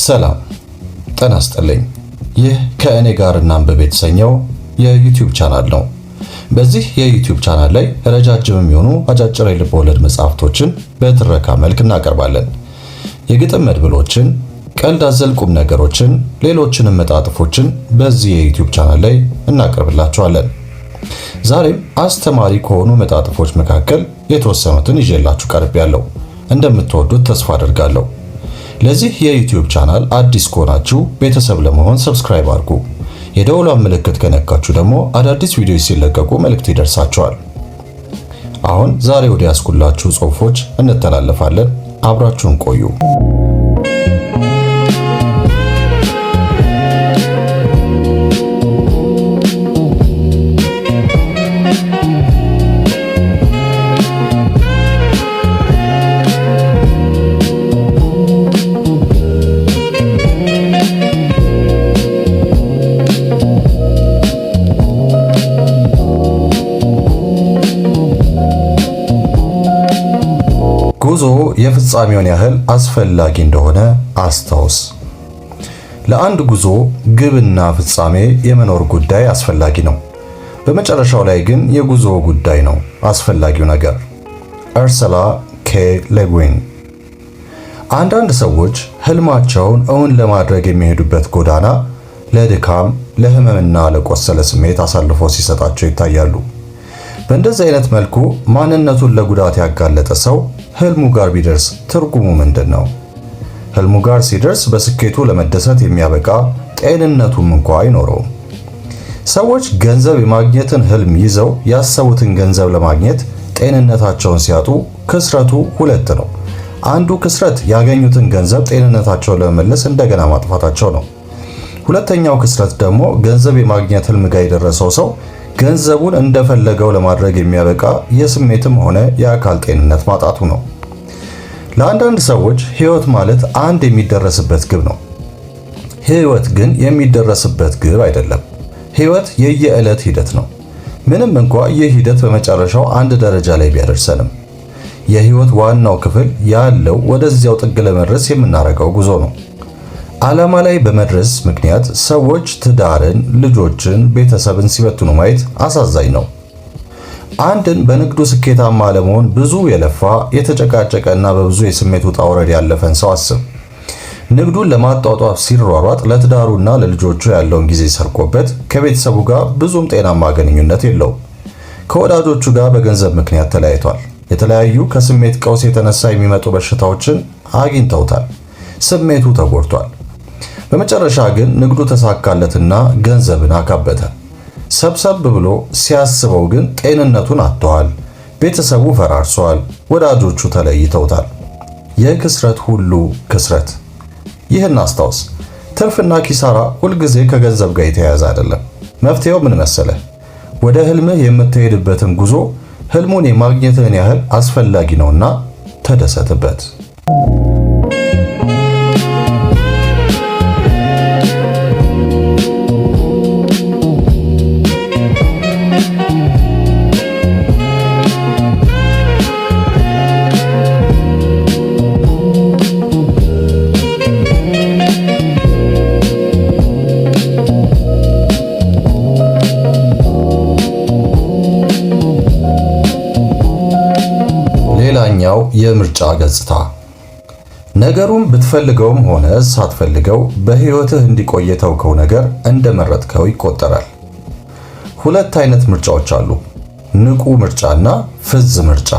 ሰላም ጤና ይስጥልኝ። ይህ ከእኔ ጋር እናንብብ የተሰኘው የዩቲዩብ ቻናል ነው። በዚህ የዩቲዩብ ቻናል ላይ ረጃጅም የሚሆኑ አጫጭር የልብ ወለድ መጽሐፍቶችን በትረካ መልክ እናቀርባለን። የግጥም መድብሎችን፣ ቀልድ አዘል ቁም ነገሮችን፣ ሌሎችንም መጣጥፎችን በዚህ የዩቲዩብ ቻናል ላይ እናቀርብላችኋለን። ዛሬም አስተማሪ ከሆኑ መጣጥፎች መካከል የተወሰኑትን ይዤላችሁ ቀርቤያለሁ። እንደምትወዱት ተስፋ አደርጋለሁ። ለዚህ የዩቲዩብ ቻናል አዲስ ከሆናችሁ ቤተሰብ ለመሆን ሰብስክራይብ አድርጉ። የደወሏን ምልክት ከነካችሁ ደግሞ አዳዲስ ቪዲዮዎች ሲለቀቁ መልእክት ይደርሳችኋል። አሁን ዛሬ ወደ ያስኩላችሁ ጽሁፎች እንተላለፋለን። አብራችሁን ቆዩ። የፍጻሜውን ያህል አስፈላጊ እንደሆነ አስታውስ። ለአንድ ጉዞ ግብና ፍጻሜ የመኖር ጉዳይ አስፈላጊ ነው። በመጨረሻው ላይ ግን የጉዞ ጉዳይ ነው አስፈላጊው ነገር። ኡርሱላ ኬ ለ አንዳንድ ሰዎች ህልማቸውን እውን ለማድረግ የሚሄዱበት ጎዳና ለድካም ለህመምና ለቆሰለ ስሜት አሳልፎ ሲሰጣቸው ይታያሉ። በእንደዚህ አይነት መልኩ ማንነቱን ለጉዳት ያጋለጠ ሰው ህልሙ ጋር ቢደርስ ትርጉሙ ምንድን ነው? ህልሙ ጋር ሲደርስ በስኬቱ ለመደሰት የሚያበቃ ጤንነቱም እንኳ አይኖረውም። ሰዎች ገንዘብ የማግኘትን ህልም ይዘው ያሰቡትን ገንዘብ ለማግኘት ጤንነታቸውን ሲያጡ ክስረቱ ሁለት ነው። አንዱ ክስረት ያገኙትን ገንዘብ ጤንነታቸውን ለመመለስ እንደገና ማጥፋታቸው ነው። ሁለተኛው ክስረት ደግሞ ገንዘብ የማግኘት ህልም ጋር የደረሰው ሰው ገንዘቡን እንደፈለገው ለማድረግ የሚያበቃ የስሜትም ሆነ የአካል ጤንነት ማጣቱ ነው። ለአንዳንድ ሰዎች ህይወት ማለት አንድ የሚደረስበት ግብ ነው። ህይወት ግን የሚደረስበት ግብ አይደለም። ህይወት የየዕለት ሂደት ነው። ምንም እንኳ ይህ ሂደት በመጨረሻው አንድ ደረጃ ላይ ቢያደርሰንም የህይወት ዋናው ክፍል ያለው ወደዚያው ጥግ ለመድረስ የምናደርገው ጉዞ ነው። ዓላማ ላይ በመድረስ ምክንያት ሰዎች ትዳርን፣ ልጆችን፣ ቤተሰብን ሲበትኑ ማየት አሳዛኝ ነው። አንድን በንግዱ ስኬታማ ለመሆን ብዙ የለፋ የተጨቃጨቀ እና በብዙ የስሜት ውጣ ውረድ ያለፈን ሰው አስብ። ንግዱን ለማጧጧፍ ሲሯሯጥ ለትዳሩና ለልጆቹ ያለውን ጊዜ ሰርቆበት ከቤተሰቡ ጋር ብዙም ጤናማ ግንኙነት የለውም። ከወዳጆቹ ጋር በገንዘብ ምክንያት ተለያይቷል። የተለያዩ ከስሜት ቀውስ የተነሳ የሚመጡ በሽታዎችን አግኝተውታል። ስሜቱ ተጎድቷል። በመጨረሻ ግን ንግዱ ተሳካለትና ገንዘብን አካበተ። ሰብሰብ ብሎ ሲያስበው ግን ጤንነቱን አጥተዋል። ቤተሰቡ ፈራርሷል። ወዳጆቹ ተለይተውታል። የክስረት ሁሉ ክስረት። ይህን አስታውስ። ትርፍና ኪሳራ ሁልጊዜ ከገንዘብ ጋር የተያያዘ አይደለም። መፍትሄው ምን መሰለህ? ወደ ህልምህ የምትሄድበትን ጉዞ ህልሙን የማግኘትህን ያህል አስፈላጊ ነውና ተደሰትበት። ሌላው የምርጫ ገጽታ ነገሩን ብትፈልገውም ሆነ ሳትፈልገው በሕይወትህ እንዲቆይ የተውከው ነገር እንደመረጥከው ይቆጠራል። ሁለት አይነት ምርጫዎች አሉ፣ ንቁ ምርጫና ፍዝ ምርጫ።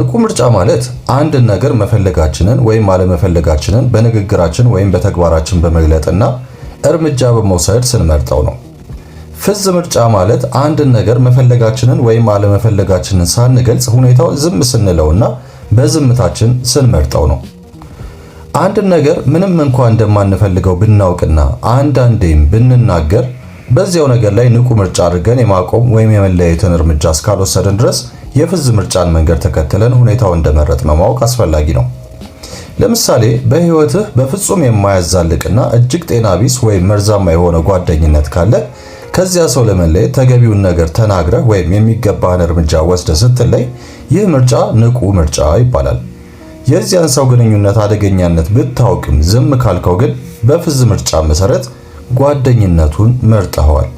ንቁ ምርጫ ማለት አንድን ነገር መፈለጋችንን ወይም አለመፈለጋችንን በንግግራችን ወይም በተግባራችን በመግለጥና እርምጃ በመውሰድ ስንመርጠው ነው። ፍዝ ምርጫ ማለት አንድን ነገር መፈለጋችንን ወይም አለመፈለጋችንን ሳንገልጽ ሁኔታው ዝም ስንለውና በዝምታችን ስንመርጠው ነው። አንድን ነገር ምንም እንኳን እንደማንፈልገው ብናውቅና አንዳንዴም ብንናገር በዚያው ነገር ላይ ንቁ ምርጫ አድርገን የማቆም ወይም የመለያየትን እርምጃ እስካልወሰድን ድረስ የፍዝ ምርጫን መንገድ ተከትለን ሁኔታው እንደመረጥ ማወቅ አስፈላጊ ነው። ለምሳሌ በህይወትህ በፍጹም የማያዛልቅና እጅግ ጤና ቢስ ወይም መርዛማ የሆነ ጓደኝነት ካለ ከዚያ ሰው ለመለየት ተገቢውን ነገር ተናግረህ ወይም የሚገባህን እርምጃ ወስደህ ስትለይ ይህ ምርጫ ንቁ ምርጫ ይባላል። የዚያን ሰው ግንኙነት አደገኛነት ብታውቅም ዝም ካልከው ግን በፍዝ ምርጫ መሰረት ጓደኝነቱን መርጠኸዋል።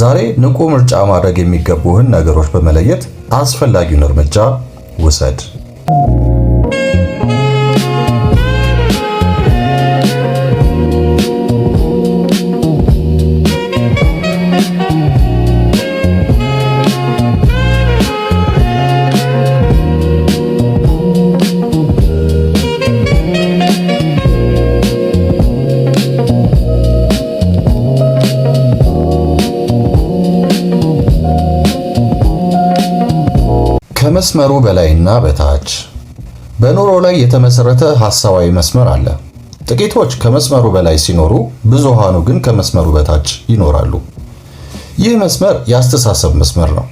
ዛሬ ንቁ ምርጫ ማድረግ የሚገቡህን ነገሮች በመለየት አስፈላጊውን እርምጃ ውሰድ። ከመስመሩ በላይና በታች በኑሮ ላይ የተመሰረተ ሐሳባዊ መስመር አለ። ጥቂቶች ከመስመሩ በላይ ሲኖሩ፣ ብዙሃኑ ግን ከመስመሩ በታች ይኖራሉ። ይህ መስመር የአስተሳሰብ መስመር ነው።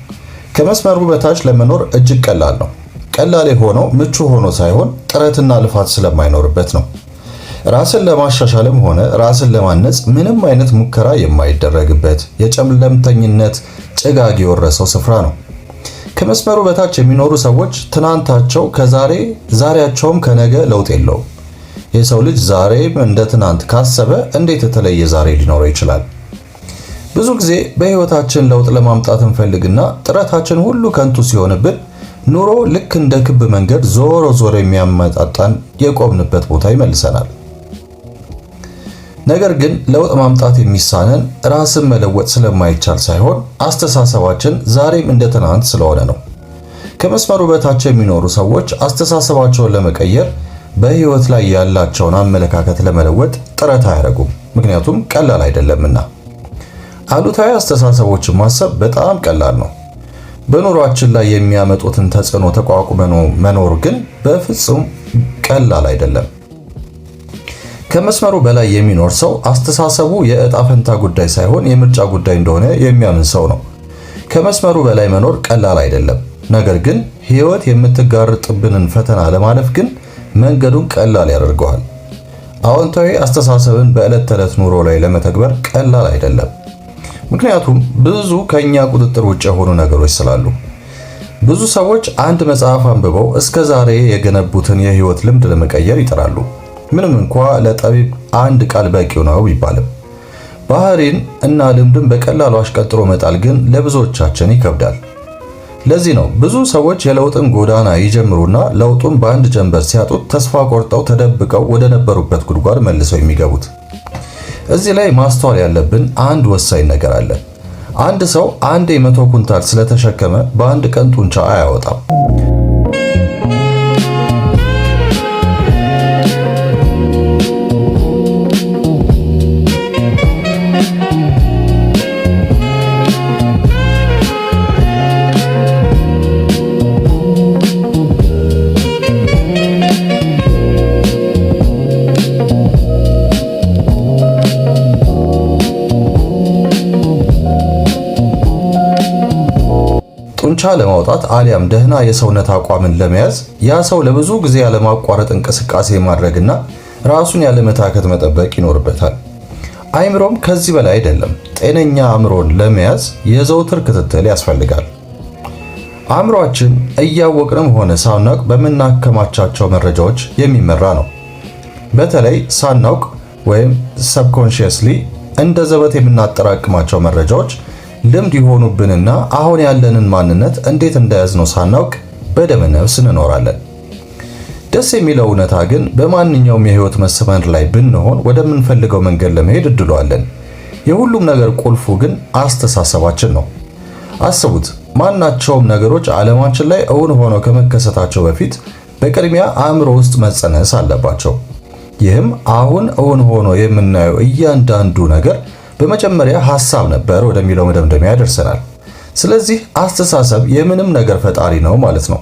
ከመስመሩ በታች ለመኖር እጅግ ቀላል ነው። ቀላል የሆነው ምቹ ሆኖ ሳይሆን ጥረትና ልፋት ስለማይኖርበት ነው። ራስን ለማሻሻልም ሆነ ራስን ለማነጽ ምንም አይነት ሙከራ የማይደረግበት የጨለምተኝነት ጭጋግ የወረሰው ስፍራ ነው። ከመስመሩ በታች የሚኖሩ ሰዎች ትናንታቸው ከዛሬ ዛሬያቸውም ከነገ ለውጥ የለው። የሰው ልጅ ዛሬም እንደ ትናንት ካሰበ እንዴት የተለየ ዛሬ ሊኖረው ይችላል? ብዙ ጊዜ በህይወታችን ለውጥ ለማምጣት እንፈልግና ጥረታችን ሁሉ ከንቱ ሲሆንብን ኑሮ ልክ እንደ ክብ መንገድ ዞሮ ዞሮ የሚያመጣጣን የቆምንበት ቦታ ይመልሰናል። ነገር ግን ለውጥ ማምጣት የሚሳነን ራስን መለወጥ ስለማይቻል ሳይሆን አስተሳሰባችን ዛሬም እንደ ትናንት ስለሆነ ነው። ከመስመሩ በታች የሚኖሩ ሰዎች አስተሳሰባቸውን ለመቀየር በህይወት ላይ ያላቸውን አመለካከት ለመለወጥ ጥረት አያደርጉም፣ ምክንያቱም ቀላል አይደለምና። አሉታዊ አስተሳሰቦችን ማሰብ በጣም ቀላል ነው። በኑሯችን ላይ የሚያመጡትን ተጽዕኖ ተቋቁመን መኖር ግን በፍጹም ቀላል አይደለም። ከመስመሩ በላይ የሚኖር ሰው አስተሳሰቡ የእጣ ፈንታ ጉዳይ ሳይሆን የምርጫ ጉዳይ እንደሆነ የሚያምን ሰው ነው። ከመስመሩ በላይ መኖር ቀላል አይደለም። ነገር ግን ሕይወት የምትጋርጥብንን ፈተና ለማለፍ ግን መንገዱን ቀላል ያደርገዋል። አዎንታዊ አስተሳሰብን በዕለት ተዕለት ኑሮ ላይ ለመተግበር ቀላል አይደለም። ምክንያቱም ብዙ ከኛ ቁጥጥር ውጭ የሆኑ ነገሮች ስላሉ። ብዙ ሰዎች አንድ መጽሐፍ አንብበው እስከ ዛሬ የገነቡትን የሕይወት ልምድ ለመቀየር ይጥራሉ። ምንም እንኳ ለጠቢብ አንድ ቃል በቂው ነው ቢባልም። ባህሪን እና ልምድን በቀላሉ አሽቀጥሮ መጣል ግን ለብዙዎቻችን ይከብዳል። ለዚህ ነው ብዙ ሰዎች የለውጥን ጎዳና ይጀምሩና ለውጡን በአንድ ጀንበር ሲያጡት ተስፋ ቆርጠው ተደብቀው ወደ ነበሩበት ጉድጓድ መልሰው የሚገቡት። እዚህ ላይ ማስተዋል ያለብን አንድ ወሳኝ ነገር አለ። አንድ ሰው አንድ የመቶ ኩንታል ስለተሸከመ በአንድ ቀን ጡንቻ አያወጣም። ለማውጣት አሊያም ደህና የሰውነት አቋምን ለመያዝ ያ ሰው ለብዙ ጊዜ ያለማቋረጥ እንቅስቃሴ ማድረግና ራሱን ያለመታከት መጠበቅ ይኖርበታል። አይምሮም ከዚህ በላይ አይደለም። ጤነኛ አእምሮን ለመያዝ የዘውትር ክትትል ያስፈልጋል። አእምሮአችን እያወቅንም ሆነ ሳናውቅ በምናከማቻቸው መረጃዎች የሚመራ ነው። በተለይ ሳናውቅ ወይም ሰብኮንሺየስሊ እንደ ዘበት የምናጠራቅማቸው መረጃዎች ልምድ የሆኑብንና አሁን ያለንን ማንነት እንዴት እንደያዝነው ሳናውቅ በደመነፍስ እንኖራለን። ደስ የሚለው እውነታ ግን በማንኛውም የህይወት መስመር ላይ ብንሆን ወደምንፈልገው መንገድ ለመሄድ እድሏለን። የሁሉም ነገር ቁልፉ ግን አስተሳሰባችን ነው። አስቡት፣ ማናቸውም ነገሮች ዓለማችን ላይ እውን ሆነው ከመከሰታቸው በፊት በቅድሚያ አእምሮ ውስጥ መጸነስ አለባቸው። ይህም አሁን እውን ሆኖ የምናየው እያንዳንዱ ነገር በመጀመሪያ ሐሳብ ነበር ወደሚለው መደምደሚያ ያደርሰናል። ስለዚህ አስተሳሰብ የምንም ነገር ፈጣሪ ነው ማለት ነው።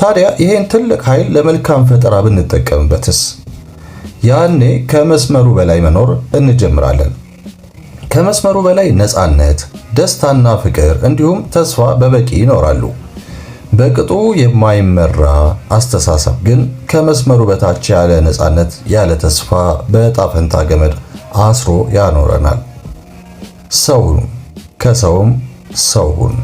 ታዲያ ይሄን ትልቅ ኃይል ለመልካም ፈጠራ ብንጠቀምበትስ? ያኔ ከመስመሩ በላይ መኖር እንጀምራለን። ከመስመሩ በላይ ነፃነት፣ ደስታና ፍቅር እንዲሁም ተስፋ በበቂ ይኖራሉ። በቅጡ የማይመራ አስተሳሰብ ግን ከመስመሩ በታች ያለ ነፃነት፣ ያለ ተስፋ በዕጣ ፈንታ ገመድ አስሮ ያኖረናል። ሰው ከሰውም ሰው ሁን።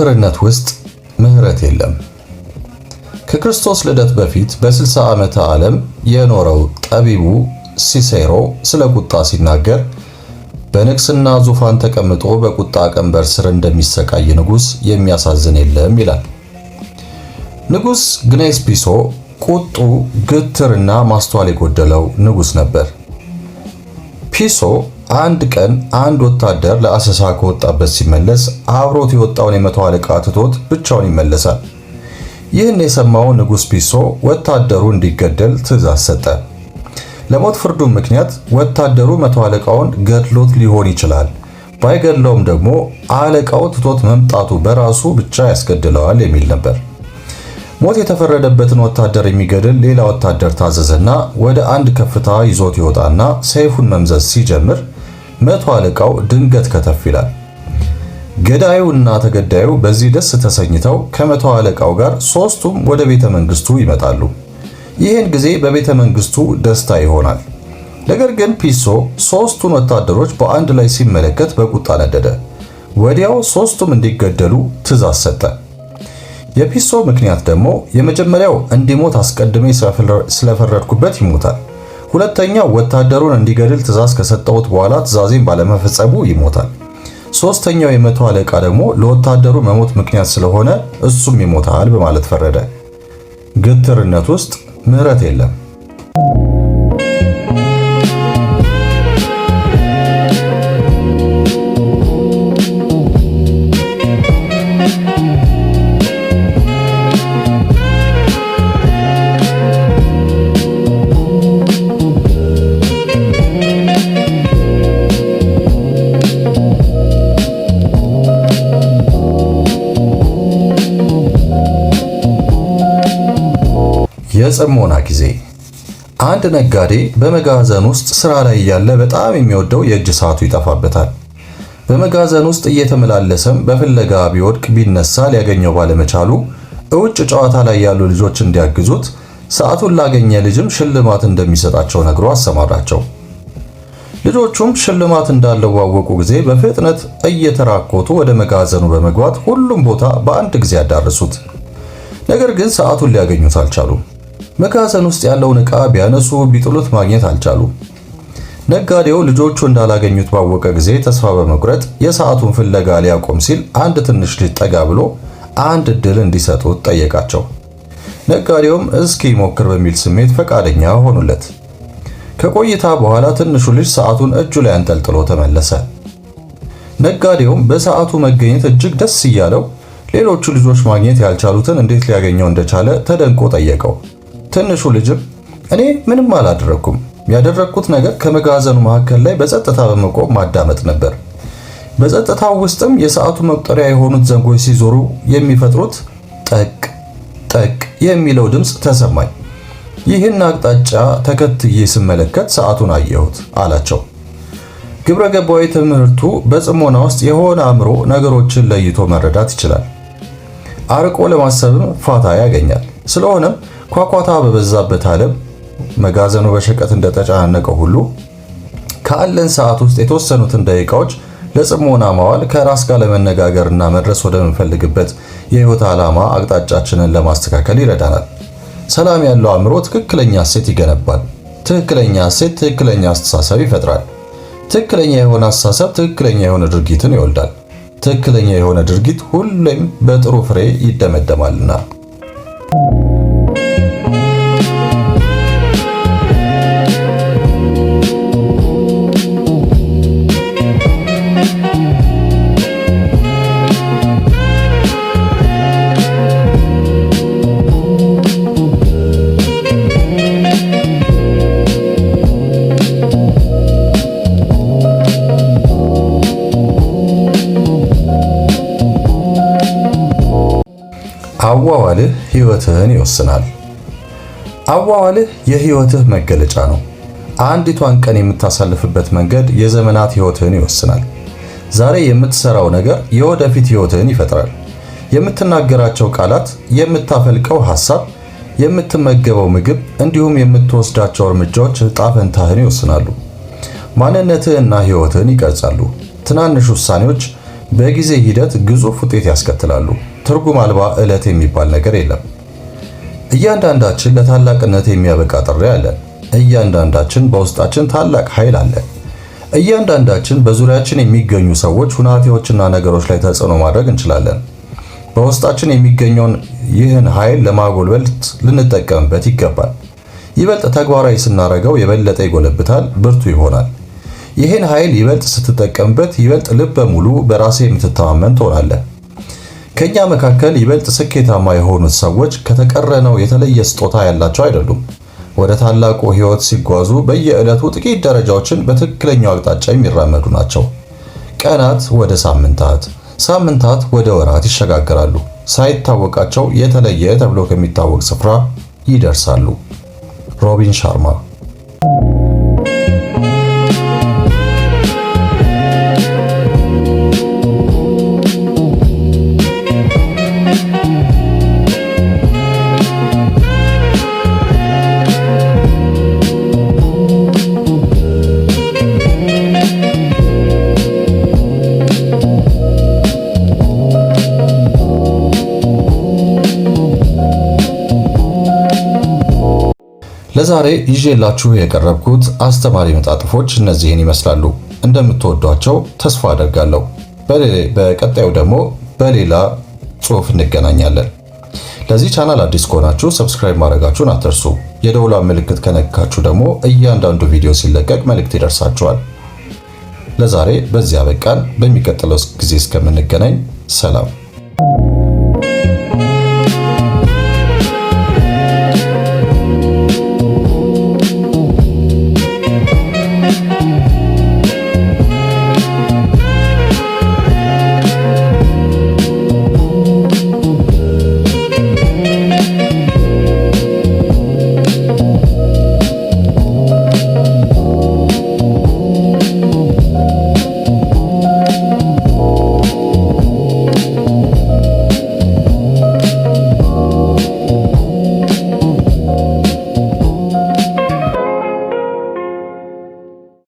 እስርነት ውስጥ ምህረት የለም። ከክርስቶስ ልደት በፊት በ60 ዓመተ ዓለም የኖረው ጠቢቡ ሲሴሮ ስለ ቁጣ ሲናገር በንግስና ዙፋን ተቀምጦ በቁጣ ቀንበር ስር እንደሚሰቃይ ንጉስ የሚያሳዝን የለም ይላል። ንጉስ ግኔስ ፒሶ ቁጡ፣ ግትርና ማስተዋል የጎደለው ንጉስ ነበር። ፒሶ አንድ ቀን አንድ ወታደር ለአሰሳ ከወጣበት ሲመለስ አብሮት የወጣውን የመቶ አለቃ ትቶት ብቻውን ይመለሳል። ይህን የሰማው ንጉሥ ፒሶ ወታደሩ እንዲገደል ትእዛዝ ሰጠ። ለሞት ፍርዱ ምክንያት ወታደሩ መቶ አለቃውን ገድሎት ሊሆን ይችላል፣ ባይገድለውም ደግሞ አለቃው ትቶት መምጣቱ በራሱ ብቻ ያስገድለዋል የሚል ነበር። ሞት የተፈረደበትን ወታደር የሚገድል ሌላ ወታደር ታዘዘና ወደ አንድ ከፍታ ይዞት ይወጣና ሰይፉን መምዘዝ ሲጀምር መቶ አለቃው ድንገት ከተፍ ይላል። ገዳዩ እና ተገዳዩ በዚህ ደስ ተሰኝተው ከመቶ አለቃው ጋር ሶስቱም ወደ ቤተ መንግስቱ ይመጣሉ። ይህን ጊዜ በቤተ መንግስቱ ደስታ ይሆናል። ነገር ግን ፒሶ ሶስቱን ወታደሮች በአንድ ላይ ሲመለከት በቁጣ ነደደ። ወዲያው ሶስቱም እንዲገደሉ ትእዛዝ ሰጠ። የፒሶ ምክንያት ደግሞ የመጀመሪያው እንዲሞት አስቀድሜ ስለፈረድኩበት ይሞታል። ሁለተኛው ወታደሩን እንዲገድል ትእዛዝ ከሰጠሁት በኋላ ትእዛዜን ባለመፈጸሙ ይሞታል። ሶስተኛው የመቶ አለቃ ደግሞ ለወታደሩ መሞት ምክንያት ስለሆነ እሱም ይሞታል በማለት ፈረደ። ግትርነት ውስጥ ምህረት የለም። በጽሞና ጊዜ አንድ ነጋዴ በመጋዘን ውስጥ ስራ ላይ እያለ በጣም የሚወደው የእጅ ሰዓቱ ይጠፋበታል። በመጋዘን ውስጥ እየተመላለሰም በፍለጋ ቢወድቅ ቢነሳ ሊያገኘው ባለመቻሉ እውጭ ጨዋታ ላይ ያሉ ልጆች እንዲያግዙት ሰዓቱን ላገኘ ልጅም ሽልማት እንደሚሰጣቸው ነግሮ አሰማራቸው። ልጆቹም ሽልማት እንዳለው ባወቁ ጊዜ በፍጥነት እየተራኮቱ ወደ መጋዘኑ በመግባት ሁሉም ቦታ በአንድ ጊዜ ያዳረሱት። ነገር ግን ሰዓቱን ሊያገኙት አልቻሉም። መጋዘን ውስጥ ያለውን ዕቃ ቢያነሱ ቢጥሉት ማግኘት አልቻሉም። ነጋዴው ልጆቹ እንዳላገኙት ባወቀ ጊዜ ተስፋ በመቁረጥ የሰዓቱን ፍለጋ ሊያቆም ሲል አንድ ትንሽ ልጅ ጠጋ ብሎ አንድ እድል እንዲሰጡት ጠየቃቸው። ነጋዴውም እስኪ ሞክር በሚል ስሜት ፈቃደኛ ሆኑለት። ከቆይታ በኋላ ትንሹ ልጅ ሰዓቱን እጁ ላይ አንጠልጥሎ ተመለሰ። ነጋዴውም በሰዓቱ መገኘት እጅግ ደስ እያለው ሌሎቹ ልጆች ማግኘት ያልቻሉትን እንዴት ሊያገኘው እንደቻለ ተደንቆ ጠየቀው። ትንሹ ልጅም እኔ ምንም አላደረኩም፣ ያደረግኩት ነገር ከመጋዘኑ መካከል ላይ በጸጥታ በመቆም ማዳመጥ ነበር። በጸጥታው ውስጥም የሰዓቱ መቁጠሪያ የሆኑት ዘንጎች ሲዞሩ የሚፈጥሩት ጠቅ ጠቅ የሚለው ድምፅ ተሰማኝ። ይህን አቅጣጫ ተከትዬ ስመለከት ሰዓቱን አየሁት አላቸው። ግብረ ገባዊ ትምህርቱ በጽሞና ውስጥ የሆነ አእምሮ ነገሮችን ለይቶ መረዳት ይችላል። አርቆ ለማሰብም ፋታ ያገኛል። ስለሆነም ኳኳታ በበዛበት ዓለም መጋዘኑ በሸቀጥ እንደተጨናነቀ ሁሉ ከአለን ሰዓት ውስጥ የተወሰኑትን ደቂቃዎች ለጽሞና ማዋል ከራስ ጋር ለመነጋገርና መድረስ ወደምንፈልግበት የህይወት ዓላማ አቅጣጫችንን ለማስተካከል ይረዳናል። ሰላም ያለው አእምሮ ትክክለኛ እሴት ይገነባል። ትክክለኛ እሴት ትክክለኛ አስተሳሰብ ይፈጥራል። ትክክለኛ የሆነ አስተሳሰብ ትክክለኛ የሆነ ድርጊትን ይወልዳል። ትክክለኛ የሆነ ድርጊት ሁሌም በጥሩ ፍሬ ይደመደማልና። ሕይወትህን ይወስናል። አዋዋልህ የህይወትህ መገለጫ ነው። አንዲቷን ቀን የምታሳልፍበት መንገድ የዘመናት ህይወትህን ይወስናል። ዛሬ የምትሰራው ነገር የወደፊት ህይወትህን ይፈጥራል። የምትናገራቸው ቃላት፣ የምታፈልቀው ሐሳብ፣ የምትመገበው ምግብ እንዲሁም የምትወስዳቸው እርምጃዎች ዕጣ ፈንታህን ይወስናሉ። ማንነትህና ህይወትህን ይቀርጻሉ። ትናንሽ ውሳኔዎች በጊዜ ሂደት ግዙፍ ውጤት ያስከትላሉ። ትርጉም አልባ ዕለት የሚባል ነገር የለም። እያንዳንዳችን ለታላቅነት የሚያበቃ ጥሪ አለን። እያንዳንዳችን በውስጣችን ታላቅ ኃይል አለን። እያንዳንዳችን በዙሪያችን የሚገኙ ሰዎች፣ ሁናቴዎችና ነገሮች ላይ ተጽዕኖ ማድረግ እንችላለን። በውስጣችን የሚገኘውን ይህን ኃይል ለማጎልበት ልንጠቀምበት ይገባል። ይበልጥ ተግባራዊ ስናደርገው የበለጠ ይጎለብታል፣ ብርቱ ይሆናል። ይህን ኃይል ይበልጥ ስትጠቀምበት ይበልጥ ልበ ሙሉ፣ በራሴ የምትተማመን ትሆናለህ። ከኛ መካከል ይበልጥ ስኬታማ የሆኑት ሰዎች ከተቀረነው የተለየ ስጦታ ያላቸው አይደሉም። ወደ ታላቁ ሕይወት ሲጓዙ በየዕለቱ ጥቂት ደረጃዎችን በትክክለኛው አቅጣጫ የሚራመዱ ናቸው። ቀናት ወደ ሳምንታት፣ ሳምንታት ወደ ወራት ይሸጋገራሉ። ሳይታወቃቸው የተለየ ተብሎ ከሚታወቅ ስፍራ ይደርሳሉ። ሮቢን ሻርማ ለዛሬ ይዤላችሁ የቀረብኩት አስተማሪ መጣጥፎች እነዚህን ይመስላሉ። እንደምትወዷቸው ተስፋ አደርጋለሁ። በቀጣዩ ደግሞ በሌላ ጽሑፍ እንገናኛለን። ለዚህ ቻናል አዲስ ከሆናችሁ ሰብስክራይብ ማድረጋችሁን አትርሱ። የደውላ ምልክት ከነካችሁ ደግሞ እያንዳንዱ ቪዲዮ ሲለቀቅ መልእክት ይደርሳችኋል። ለዛሬ በዚያ በቃን። በሚቀጥለው ጊዜ እስከምንገናኝ ሰላም።